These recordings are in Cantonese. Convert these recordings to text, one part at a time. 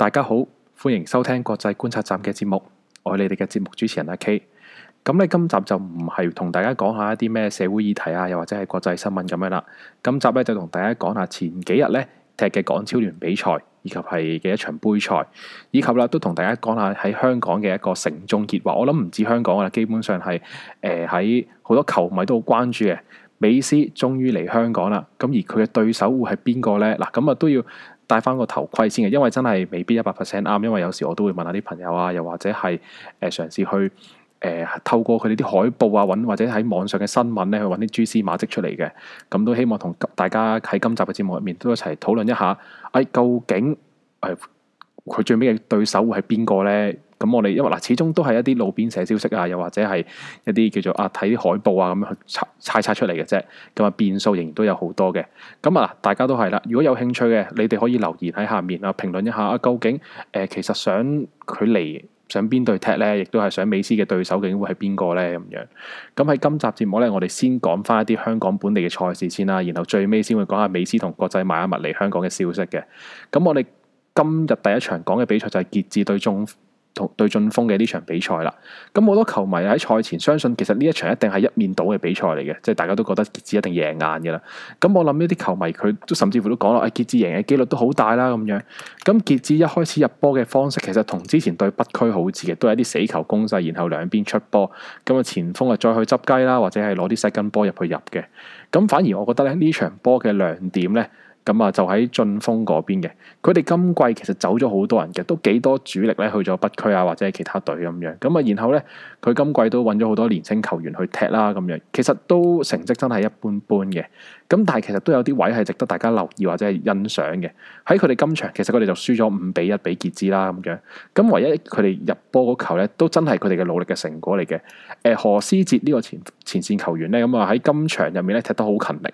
大家好，歡迎收聽國際觀察站嘅節目，我係你哋嘅節目主持人阿 K。咁咧今集就唔係同大家講一下一啲咩社會議題啊，又或者係國際新聞咁樣啦。今集咧就同大家講下前幾日咧踢嘅港超聯比賽，以及係嘅一場杯賽，以及啦都同大家講下喺香港嘅一個城中熱話。我諗唔止香港啊，基本上係誒喺好多球迷都好關注嘅。美斯終於嚟香港啦，咁而佢嘅對手會係邊個呢？嗱，咁啊都要。.戴翻個頭盔先嘅，因為真係未必一百 percent 啱，因為有時我都會問下啲朋友啊，又或者係誒嘗試去誒、呃、透過佢哋啲海報啊，或者喺網上嘅新聞咧去揾啲蛛絲馬跡出嚟嘅。咁都希望同大家喺今集嘅節目入面都一齊討論一下，誒、哎、究竟誒佢、呃、最尾嘅對手會係邊個咧？咁我哋因為嗱，始終都係一啲路邊社消息啊，又或者係一啲叫做啊睇海報啊咁樣去猜猜出嚟嘅啫。咁啊變數仍然都有好多嘅。咁啊大家都係啦。如果有興趣嘅，你哋可以留言喺下面啊，評論一下啊，究竟誒、呃、其實想佢嚟上邊隊踢咧，亦都係想美斯嘅對手究竟會係邊個咧咁樣。咁喺今集節目咧，我哋先講返一啲香港本地嘅賽事先啦，然後最尾先會講下美斯同國際邁阿密嚟香港嘅消息嘅。咁我哋今日第一場講嘅比賽就係傑志對中。同對晉峰嘅呢場比賽啦，咁好多球迷喺賽前相信，其實呢一場一定係一面倒嘅比賽嚟嘅，即係大家都覺得傑志一定贏硬嘅啦。咁我諗呢啲球迷佢都甚至乎都講啦，啊、哎、傑志贏嘅機率都好大啦咁樣。咁傑志一開始入波嘅方式其實同之前對北區好似嘅，都係啲死球攻勢，然後兩邊出波，咁啊前鋒啊再去執雞啦，或者係攞啲細根波入去入嘅。咁反而我覺得咧呢場波嘅亮點咧。咁啊，就喺俊峰嗰邊嘅，佢哋今季其實走咗好多人嘅，都幾多主力咧去咗北區啊，或者係其他隊咁樣，咁啊，然後咧，佢今季都揾咗好多年青球員去踢啦，咁樣其實都成績真係一般般嘅。咁但係其實都有啲位係值得大家留意或者係欣賞嘅。喺佢哋今場其實佢哋就輸咗五比一比傑志啦咁樣，咁唯一佢哋入波嗰球咧，都真係佢哋嘅努力嘅成果嚟嘅。誒何思哲呢個前前線球員咧，咁啊喺今場入面咧踢得好勤力。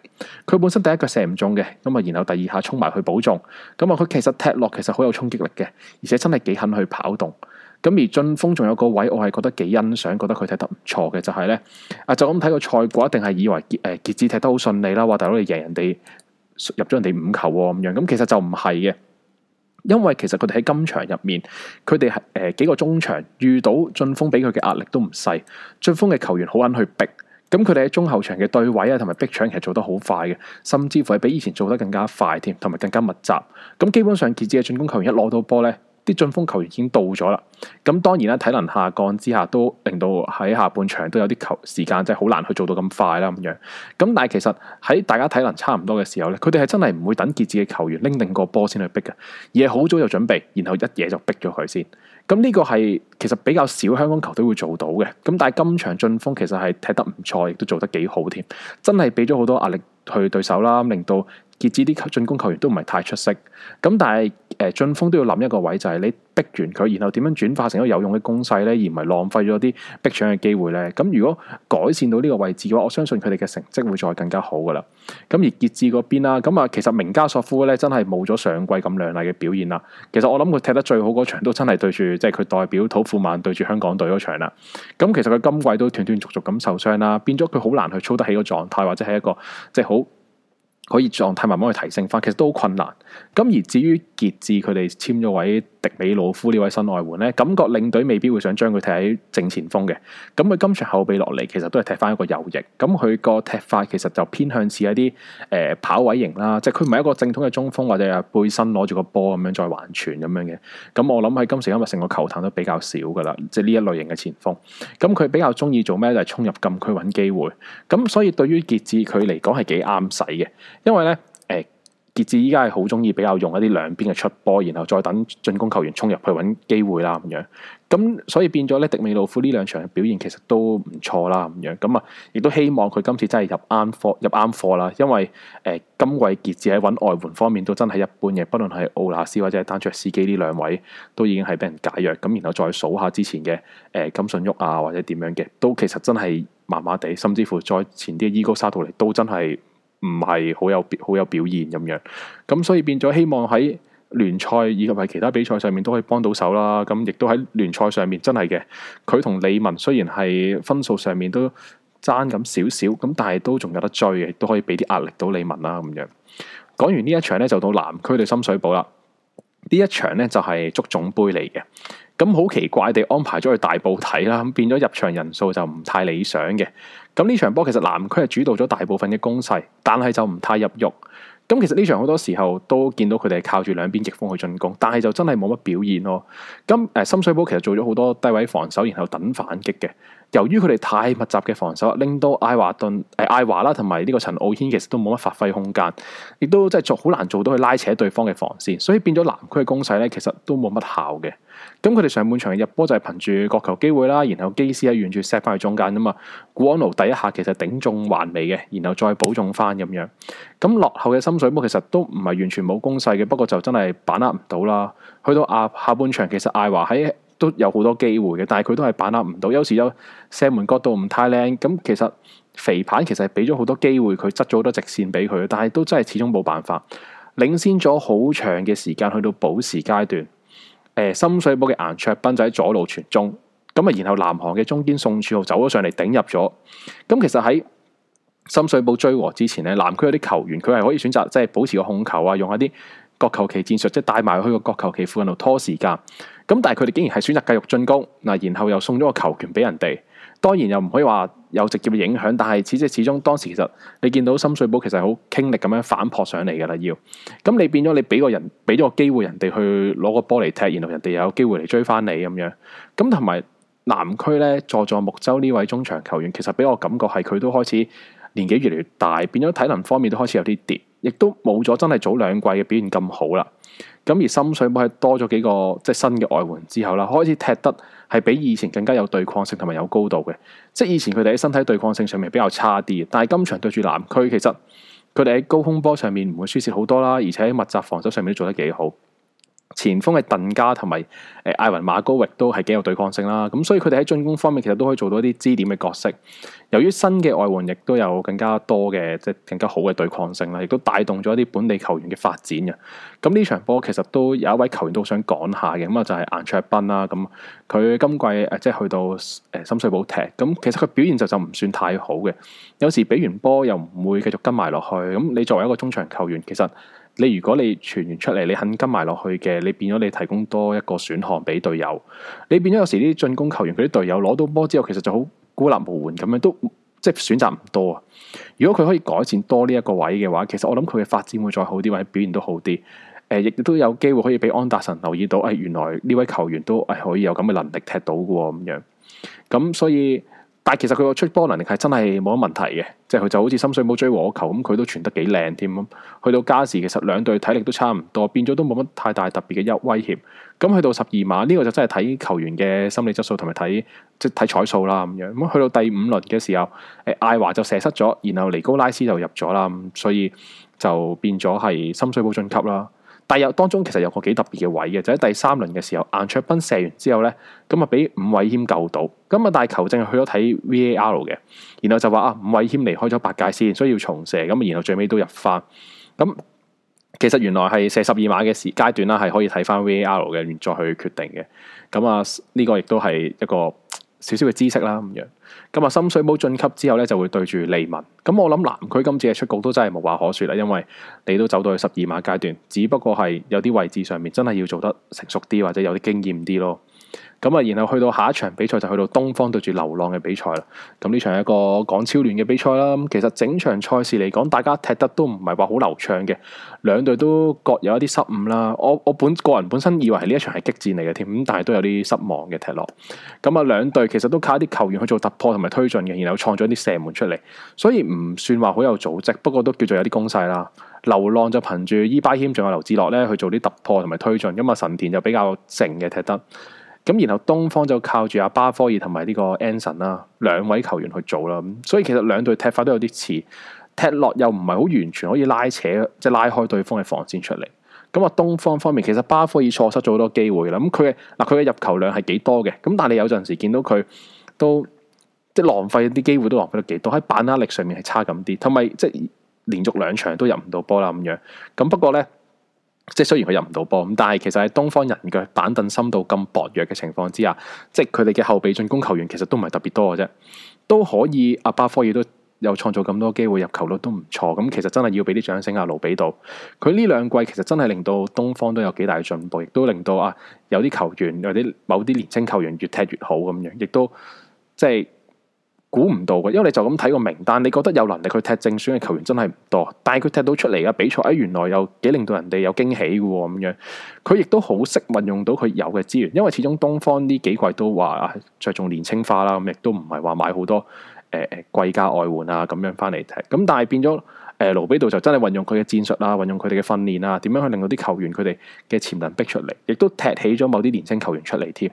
佢本身第一腳射唔中嘅，咁啊然。有第二下衝埋去補中，咁啊，佢其實踢落其實好有衝擊力嘅，而且真係幾肯去跑動。咁而晉峰仲有個位，我係覺得幾欣賞，覺得佢踢得唔錯嘅，就係呢，啊，就咁睇個賽果，一定係以為誒傑志踢得好順利啦，話大佬你贏人哋入咗人哋五球咁樣。咁其實就唔係嘅，因為其實佢哋喺今場入面，佢哋係誒幾個中場遇到晉峰俾佢嘅壓力都唔細，晉峰嘅球員好肯去逼。咁佢哋喺中後場嘅對位啊，同埋逼搶其實做得好快嘅，甚至乎係比以前做得更加快添，同埋更加密集。咁基本上傑志嘅進攻球員一攞到波咧，啲進攻球員已經到咗啦。咁當然啦，體能下降之下，都令到喺下半場都有啲球時間真係好難去做到咁快啦咁樣。咁但係其實喺大家體能差唔多嘅時候咧，佢哋係真係唔會等傑志嘅球員拎定個波先去逼嘅，而係好早有準備，然後一嘢就逼咗佢先。咁呢個係其實比較少香港球隊會做到嘅，咁但係今場進攻其實係踢得唔錯，亦都做得幾好添，真係畀咗好多壓力去對手啦，令到，傑志啲進攻球員都唔係太出色，咁但係誒、呃、進鋒都要諗一個位，就係、是、你逼完佢，然後點樣轉化成一個有用嘅攻勢咧，而唔係浪費咗啲逼搶嘅機會咧。咁如果改善到呢個位置嘅話，我相信佢哋嘅成績會再更加好噶啦。咁而傑志嗰邊啦，咁啊其實明加索夫咧真係冇咗上季咁亮麗嘅表現啦。其實我諗佢踢得最好嗰場都真係對住，即係佢代表土庫曼對住香港隊嗰場啦。咁其實佢今季都斷斷續續咁受傷啦，變咗佢好難去操得起個狀態，或者係一個即係好。就是可以狀態慢慢去提升返，其實都好困難。咁而至於。傑志佢哋簽咗位迪比老夫呢位新外援咧，感覺領隊未必會想將佢踢喺正前鋒嘅。咁佢今場後備落嚟，其實都係踢翻一個右翼。咁佢個踢法其實就偏向似一啲誒、呃、跑位型啦，即係佢唔係一個正統嘅中鋒或者背身攞住個波咁樣再還傳咁樣嘅。咁我諗喺今時今日成個球壇都比較少㗎啦，即係呢一類型嘅前鋒。咁佢比較中意做咩就係衝入禁區揾機會。咁所以對於傑志佢嚟講係幾啱使嘅，因為咧。傑志依家係好中意比較用一啲兩邊嘅出波，然後再等進攻球員衝入去揾機會啦咁樣，咁所以變咗咧，迪美路夫呢兩場嘅表現其實都唔錯啦咁樣，咁啊亦都希望佢今次真係入啱貨入啱貨啦，因為誒、呃、今季傑志喺揾外援方面都真係一般嘅，不論係奧納斯或者係單卓斯基呢兩位都已經係俾人解約，咁然後再數下之前嘅誒金信旭啊，或者點樣嘅，都其實真係麻麻地，甚至乎再前啲嘅伊高沙到嚟都真係。唔係好有好有表現咁樣，咁所以變咗希望喺聯賽以及係其他比賽上面都可以幫到手啦。咁亦都喺聯賽上面真係嘅，佢同理文雖然係分數上面都爭咁少少，咁但係都仲有得追嘅，都可以俾啲壓力到理文啦咁樣。講完呢一場咧，就到南區對深水埗啦。呢一場咧就係足總杯嚟嘅，咁好奇怪地安排咗去大埔睇啦，咁變咗入場人數就唔太理想嘅。咁呢場波其實南區係主導咗大部分嘅攻勢，但係就唔太入肉。咁其實呢場好多時候都見到佢哋靠住兩邊翼鋒去進攻，但係就真係冇乜表現咯。咁誒、呃、深水埗其實做咗好多低位防守，然後等反擊嘅。由於佢哋太密集嘅防守，令到艾華頓誒、哎、艾華啦同埋呢個陳奧軒其實都冇乜發揮空間，亦都即係做好難做到去拉扯對方嘅防線，所以變咗南區嘅攻勢咧，其實都冇乜效嘅。咁佢哋上半場嘅入波就係憑住角球機會啦，然後基斯喺完處 set 翻去中間啊嘛，古安奴第一下其實頂中還未嘅，然後再補中翻咁樣。咁落後嘅深水埗其實都唔係完全冇攻勢嘅，不過就真係把握唔到啦。去到啊下半場其實艾華喺都有好多機會嘅，但係佢都係把握唔到，有時有射門角度唔太靚。咁其實肥牌其實俾咗好多機會佢，執咗好多直線俾佢，但係都真係始終冇辦法領先咗好長嘅時間，去到補時階段。誒，深水埗嘅顏卓斌就喺左路傳中，咁啊，然後南韓嘅中堅宋柱浩走咗上嚟頂入咗，咁其實喺深水埗追和之前咧，南區有啲球員佢係可以選擇即係保持個控球啊，用一啲角球旗戰術，即係帶埋去個角球旗附近度拖時間，咁但係佢哋竟然係選擇繼續進攻，嗱，然後又送咗個球權俾人哋，當然又唔可以話。有直接嘅影響，但係始即係始終當時其實你見到深水埗其實好傾力咁樣反撲上嚟嘅啦，要咁你變咗你俾個人俾咗個機會人哋去攞個波嚟踢，然後人哋有機會嚟追翻你咁樣，咁同埋南區咧佐佐木周呢位中場球員，其實俾我感覺係佢都開始年紀越嚟越大，變咗體能方面都開始有啲跌，亦都冇咗真係早兩季嘅表現咁好啦。咁而深水埗係多咗幾個即係新嘅外援之後啦，開始踢得。係比以前更加有對抗性同埋有高度嘅，即係以前佢哋喺身體對抗性上面比較差啲，但係今場對住南區，其實佢哋喺高空波上面唔會輸蝕好多啦，而且喺密集防守上面都做得幾好。前鋒嘅鄧家同埋誒艾雲馬高域都係幾有對抗性啦，咁所以佢哋喺進攻方面其實都可以做到一啲支點嘅角色。由於新嘅外援亦都有更加多嘅即係更加好嘅對抗性啦，亦都帶動咗一啲本地球員嘅發展嘅。咁呢場波其實都有一位球員都想講下嘅，咁啊就係顏卓彬啦。咁佢今季誒即係去到誒深水埗踢，咁其實佢表現就就唔算太好嘅，有時畀完波又唔會繼續跟埋落去。咁你作為一個中場球員，其實。你如果你傳完出嚟，你肯跟埋落去嘅，你變咗你提供多一個選項俾隊友。你變咗有時啲進攻球員佢啲隊友攞到波之後，其實就好孤立無援咁樣，都即係選擇唔多啊。如果佢可以改善多呢一個位嘅話，其實我諗佢嘅發展會再好啲，或者表現都好啲。誒、呃，亦都有機會可以俾安達臣留意到，誒、哎、原來呢位球員都誒、哎、可以有咁嘅能力踢到嘅喎，咁樣。咁所以。但其實佢個出波能力係真係冇乜問題嘅，即係佢就好似深水埗追和球咁，佢都傳得幾靚添。咁去到加時，其實兩隊體力都差唔多，變咗都冇乜太大特別嘅一威脅。咁去到十二碼呢個就真係睇球員嘅心理質素同埋睇即係睇彩數啦咁樣。咁去到第五輪嘅時候，誒艾華就射失咗，然後尼高拉斯就入咗啦，所以就變咗係深水埗晉級啦。但係有當中其實有個幾特別嘅位嘅，就喺、是、第三輪嘅時候，晏卓斌射完之後咧，咁啊俾伍偉謙救到，咁啊但球證去咗睇 VAR 嘅，然後就話啊伍偉謙離開咗八界先，所以要重射，咁啊然後最尾都入翻，咁其實原來係射十二碼嘅時階段啦，係可以睇翻 VAR 嘅，然後再去決定嘅，咁啊呢個亦都係一個，少少嘅知識啦咁樣，咁啊深水埗晉級之後咧，就會對住理文。咁我諗南區今次嘅出局都真係無話可説啦，因為你都走到去十二碼階段，只不過係有啲位置上面真係要做得成熟啲，或者有啲經驗啲咯。咁啊，然後去到下一場比賽就去到東方對住流浪嘅比賽啦。咁呢場係一個港超聯嘅比賽啦。咁其實整場賽事嚟講，大家踢得都唔係話好流暢嘅，兩隊都各有一啲失誤啦。我我本個人本身以為係呢一場係激戰嚟嘅添，咁但係都有啲失望嘅踢落。咁啊，兩隊其實都靠一啲球員去做突破同埋推進嘅，然後創咗啲射門出嚟，所以唔算話好有組織，不過都叫做有啲攻勢啦。流浪就憑住伊巴謙仲有劉智樂咧去做啲突破同埋推進，咁啊神田就比較靜嘅踢得。咁然後東方就靠住阿巴科爾同埋呢個 Anson 啦，兩位球員去做啦，咁所以其實兩隊踢法都有啲似，踢落又唔係好完全可以拉扯，即係拉開對方嘅防線出嚟。咁啊，東方方面其實巴科爾錯失咗好多機會啦。咁佢嘅，嗱，佢嘅入球量係幾多嘅，咁但係你有陣時見到佢都即係浪費啲機會都浪費得幾多，喺板壓力上面係差咁啲，同埋即係連續兩場都入唔到波啦咁樣。咁不過咧。即係雖然佢入唔到波，咁但係其實喺東方人嘅板凳深度咁薄弱嘅情況之下，即係佢哋嘅後備進攻球員其實都唔係特別多嘅啫，都可以阿巴科爾都有創造咁多機會，入球率都唔錯，咁其實真係要俾啲掌聲阿盧比度，佢呢兩季其實真係令到東方都有幾大進步，亦都令到啊有啲球員或者某啲年輕球員越踢越好咁樣，亦都即係。估唔到嘅，因為你就咁睇個名單，你覺得有能力去踢正選嘅球員真係唔多，但係佢踢到出嚟嘅比賽，哎原來又幾令到人哋有驚喜嘅咁樣，佢亦都好識運用到佢有嘅資源，因為始終東方呢幾季都話着重年青化啦，咁亦都唔係話買好多誒誒、呃、貴價外援啊咁樣翻嚟踢，咁但係變咗。誒，盧比道就真係運用佢嘅戰術啦，運用佢哋嘅訓練啊，點樣去令到啲球員佢哋嘅潛能逼出嚟，亦都踢起咗某啲年輕球員出嚟添。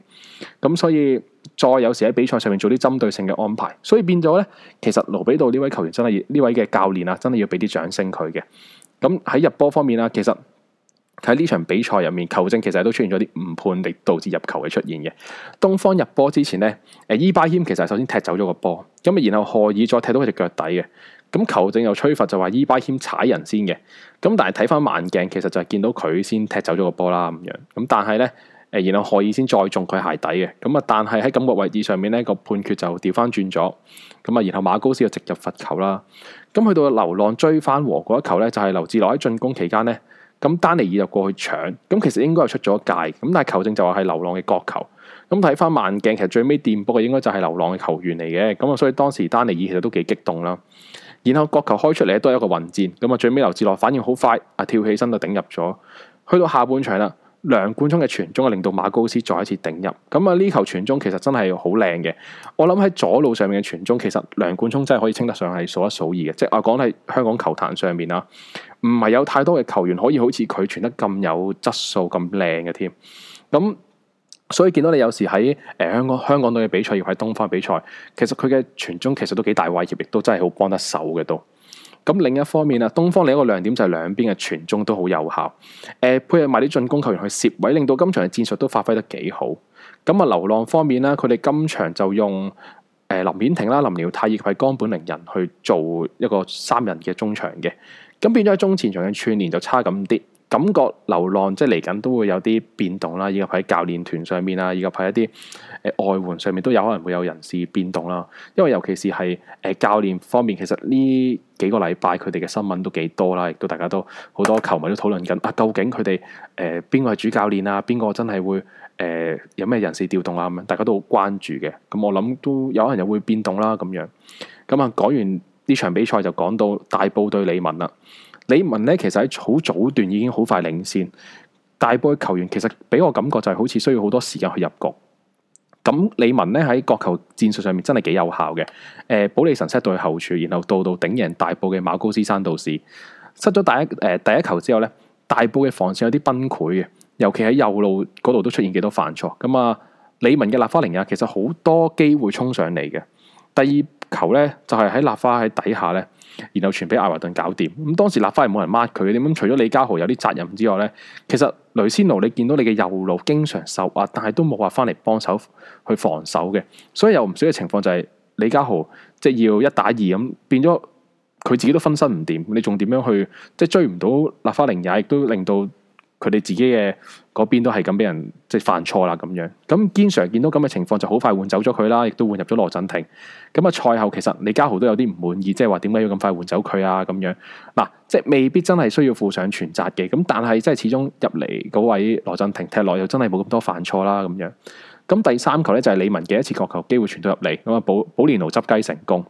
咁所以再有時喺比賽上面做啲針對性嘅安排，所以變咗咧，其實盧比道呢位球員真係呢位嘅教練啊，真係要俾啲掌聲佢嘅。咁喺入波方面啦，啊，其實喺呢場比賽入面，球證其實都出現咗啲誤判，力導致入球嘅出現嘅。東方入波之前咧，誒，伊巴謙其實係首先踢走咗個波，咁啊，然後賀爾再踢到佢隻腳底嘅。咁球證又吹罰，就話伊巴謙踩人先嘅，咁但係睇翻慢鏡其實就係見到佢先踢走咗個波啦咁樣，咁但係咧誒，然後賀爾先再中佢鞋底嘅，咁啊但係喺咁個位置上面咧，個判決就調翻轉咗，咁啊然後馬高斯就直入罰球啦，咁去到流浪追翻和嗰一球咧就係、是、劉智樂喺進攻期間咧，咁丹尼爾就過去搶，咁其實應該係出咗界，咁但係球證就話係流浪嘅角球，咁睇翻慢鏡其實最尾掂波嘅應該就係流浪嘅球員嚟嘅，咁啊所以當時丹尼爾其實都幾激動啦。然後角球開出嚟都係一個混戰，咁啊最尾劉志樂反應好快，啊跳起身就頂入咗。去到下半場啦，梁冠聰嘅傳中啊令到馬高斯再一次頂入。咁啊呢球傳中其實真係好靚嘅。我諗喺左路上面嘅傳中，其實梁冠聰真係可以稱得上係數一數二嘅。即係我講係香港球壇上面啊，唔係有太多嘅球員可以好似佢傳得咁有質素、咁靚嘅添。咁所以見到你有時喺誒、呃、香港香港隊嘅比賽，要喺東方比賽，其實佢嘅傳中其實都幾大威脅，亦都真係好幫得手嘅都。咁另一方面啊，東方另一個亮點就係兩邊嘅傳中都好有效。誒、呃，配合埋啲進攻球員去攝位，令到今場嘅戰術都發揮得幾好。咁啊，流浪方面啦，佢哋今場就用誒林顯廷啦、林遼太以及江本凌人去做一個三人嘅中場嘅。咁變咗喺中前場嘅串聯就差咁啲。感覺流浪即係嚟緊都會有啲變動啦，以及喺教練團上面啊，以及喺一啲外援上面都有可能會有人事變動啦。因為尤其是係誒教練方面，其實呢幾個禮拜佢哋嘅新聞都幾多啦，亦都大家都好多球迷都討論緊啊。究竟佢哋誒邊個係主教練啊？邊個真係會誒、呃、有咩人事調動啊？咁樣大家都好關注嘅。咁我諗都有人又會變動啦。咁樣咁啊，講完呢場比賽就講到大部隊李文啦。理文咧，其實喺好早段已經好快領先，大埔嘅球員其實俾我感覺就係好似需要好多時間去入局。咁理文咧喺角球戰術上面真係幾有效嘅，誒、呃，保利神射對後處，然後到到頂人大埔嘅馬高斯山道士，失咗第一誒、呃、第一球之後咧，大埔嘅防線有啲崩潰嘅，尤其喺右路嗰度都出現幾多犯錯。咁啊，理文嘅立花零啊，其實好多機會衝上嚟嘅。第二球咧就係、是、喺立花喺底下咧。然後全俾艾華頓搞掂，咁當時立花又冇人孖佢點，咁除咗李嘉豪有啲責任之外咧，其實雷仙奴你見到你嘅右路經常受壓，但係都冇話翻嚟幫手去防守嘅，所以有唔少嘅情況就係李嘉豪即係要一打二咁，變咗佢自己都分身唔掂，你仲點樣去即係、就是、追唔到立花零也亦都令到。佢哋自己嘅嗰邊都係咁俾人即係犯錯啦咁樣，咁經常見到咁嘅情況，就好快換走咗佢啦，亦都換入咗羅振廷。咁啊賽後其實李嘉豪都有啲唔滿意，即係話點解要咁快換走佢啊咁樣？嗱、啊，即係未必真係需要負上全責嘅，咁但係即係始終入嚟嗰位羅振廷踢落又真係冇咁多犯錯啦咁樣。咁第三球咧就係、是、理文嘅一次角球機會傳到入嚟，咁啊寶寶蓮奴執雞成功。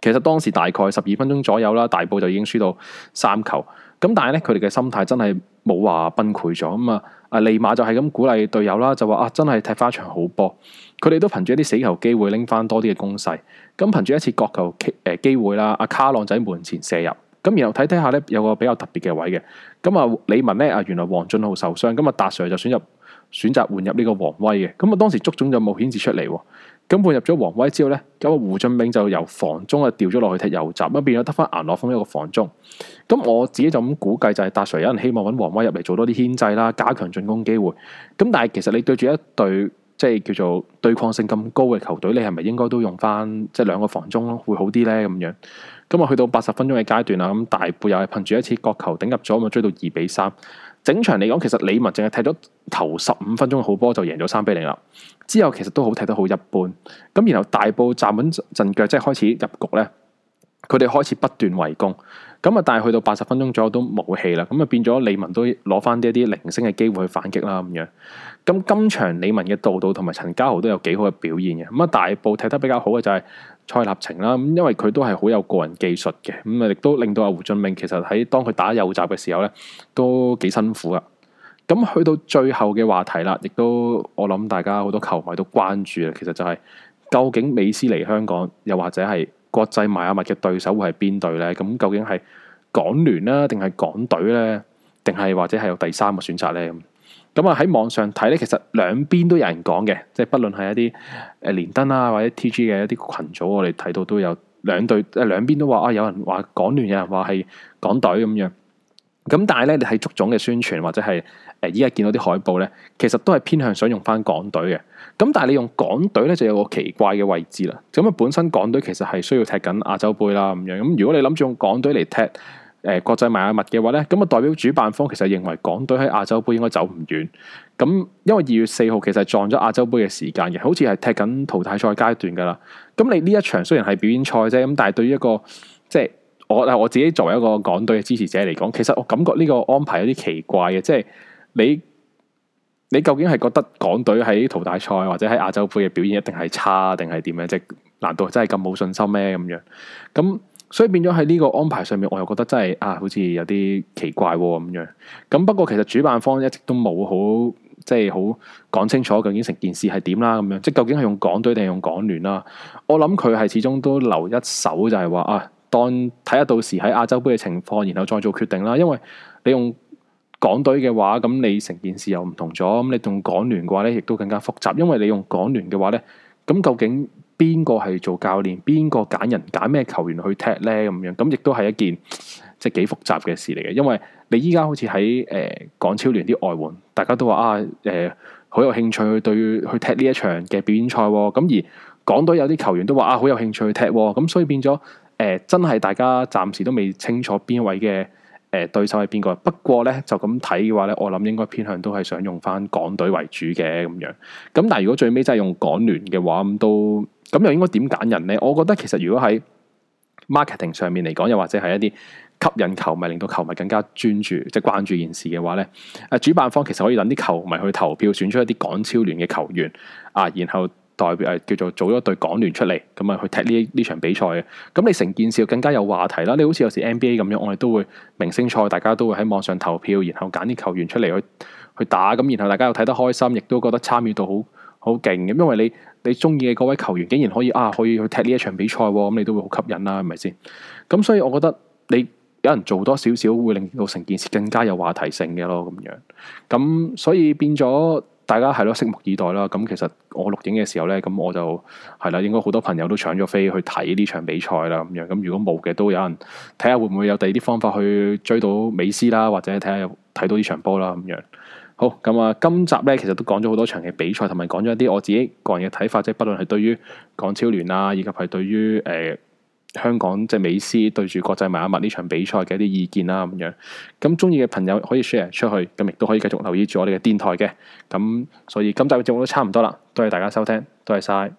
其實當時大概十二分鐘左右啦，大埔就已經輸到三球。咁但係咧，佢哋嘅心態真係冇話崩潰咗咁啊！啊利馬就係咁鼓勵隊友啦，就話啊，真係踢翻一場好波。佢哋都憑住一啲死球機會拎翻多啲嘅攻勢。咁憑住一次角球誒機會啦，阿卡朗仔門前射入。咁然後睇睇下咧，有個比較特別嘅位嘅。咁啊理文咧啊，原來王俊浩受傷，咁啊達 Sir 就選擇換入呢個王威嘅。咁啊當時足總就冇顯示出嚟喎。咁換入咗王威之後咧，咁啊胡俊銘就由防中啊調咗落去踢右閘，咁變咗得翻顏樂峰一個防中。咁我自己就咁估計就係達 Sir 有人希望搵王威入嚟做多啲牽制啦，加強進攻機會。咁但係其實你對住一隊即係叫做對抗性咁高嘅球隊，你係咪應該都用翻即係兩個防中咯，會好啲咧咁樣？咁啊去到八十分鐘嘅階段啦，咁大埔又係憑住一次角球頂入咗，咁啊追到二比三。整場嚟講，其實理文淨係踢咗頭十五分鐘嘅好波就贏咗三比零啦。之後其實都好踢得好一般。咁然後大埔站穩陣腳，即係開始入局咧。佢哋開始不斷圍攻，咁啊，但係去到八十分鐘左右都冇氣啦。咁啊，變咗理文都攞翻啲一啲零星嘅機會去反擊啦咁樣。咁今場理文嘅道道同埋陳家豪都有幾好嘅表現嘅。咁啊，大埔踢得比較好嘅就係、是。蔡立晴啦，咁因為佢都係好有個人技術嘅，咁啊，亦都令到阿胡俊明，其實喺當佢打右閘嘅時候咧，都幾辛苦啊。咁去到最後嘅話題啦，亦都我諗大家好多球迷都關注啊。其實就係、是、究竟美斯嚟香港，又或者係國際邁阿密嘅對手會係邊隊呢？咁究竟係港聯啦，定係港隊呢？定係或者係有第三個選擇呢？咁啊喺網上睇咧，其實兩邊都有人講嘅，即係不論係一啲誒連登啊，或者 TG 嘅一啲群組，我哋睇到都有兩隊誒兩邊都話啊，有人話港聯，有人話係港隊咁樣。咁但係咧，你喺足總嘅宣傳或者係誒依家見到啲海報咧，其實都係偏向想用翻港隊嘅。咁但係你用港隊咧就有個奇怪嘅位置啦。咁啊，本身港隊其實係需要踢緊亞洲杯啦咁樣。咁如果你諗住用港隊嚟踢，誒，國際邁阿密嘅話咧，咁啊代表主辦方其實認為港隊喺亞洲杯應該走唔遠。咁因為二月四號其實撞咗亞洲杯嘅時間嘅，好似係踢緊淘汰賽階段噶啦。咁你呢一場雖然係表演賽啫，咁但係對於一個即係、就是、我啊我自己作為一個港隊嘅支持者嚟講，其實我感覺呢個安排有啲奇怪嘅。即、就、係、是、你你究竟係覺得港隊喺淘汰賽或者喺亞洲杯嘅表現一定係差定係點樣？即係難道真係咁冇信心咩咁樣？咁所以變咗喺呢個安排上面，我又覺得真係啊，好似有啲奇怪喎、哦、咁樣。咁不過其實主辦方一直都冇好即係好講清楚究竟成件事係點啦咁樣。即究竟係用港隊定係用港聯啦、啊？我諗佢係始終都留一手就，就係話啊，當睇下到時喺亞洲杯嘅情況，然後再做決定啦。因為你用港隊嘅話，咁你成件事又唔同咗。咁你用港聯嘅話咧，亦都更加複雜。因為你用港聯嘅話咧，咁究竟，邊個係做教練？邊個揀人揀咩球員去踢呢？咁樣咁亦都係一件即係幾複雜嘅事嚟嘅。因為你依家好似喺誒港超聯啲外援，大家都話啊誒好、呃、有興趣去對去踢呢一場嘅表演賽。咁、啊、而港隊有啲球員都話啊好有興趣去踢。咁、啊、所以變咗誒、呃、真係大家暫時都未清楚邊一位嘅。誒、呃、對手係邊個？不過咧，就咁睇嘅話咧，我諗應該偏向都係想用翻港隊為主嘅咁樣。咁但係如果最尾真係用港聯嘅話，咁都咁又應該點揀人咧？我覺得其實如果喺 marketing 上面嚟講，又或者係一啲吸引球迷、令到球迷更加專注，即係關注件事嘅話咧，啊主辦方其實可以等啲球迷去投票選出一啲港超聯嘅球員啊，然後。代表係叫做組咗隊港聯出嚟，咁啊去踢呢呢場比賽嘅。咁你成件事更加有話題啦。你好似有時 NBA 咁樣，我哋都會明星賽，大家都會喺網上投票，然後揀啲球員出嚟去去打。咁然後大家又睇得開心，亦都覺得參與度好好勁。因為你你中意嘅各位球員竟然可以啊可以去踢呢一場比賽，啊，咁你都會好吸引啦，啊，係咪先？咁所以我覺得你有人做多少少，會令到成件事更加有話題性嘅咯，咁樣。咁所以變咗。大家係咯，拭目以待啦。咁其實我錄影嘅時候咧，咁我就係啦，應該好多朋友都搶咗飛去睇呢場比賽啦。咁樣，咁如果冇嘅，都有人睇下會唔會有第二啲方法去追到美斯啦，或者睇下睇到呢場波啦。咁樣，好。咁啊，今集咧其實都講咗好多場嘅比賽，同埋講咗一啲我自己個人嘅睇法，即係不論係對於港超聯啊，以及係對於誒。呃香港即係美斯對住國際邁阿密呢場比賽嘅一啲意見啦，咁樣，咁中意嘅朋友可以 share 出去，咁亦都可以繼續留意住我哋嘅電台嘅，咁所以今集嘅節目都差唔多啦，多謝大家收聽，多謝晒。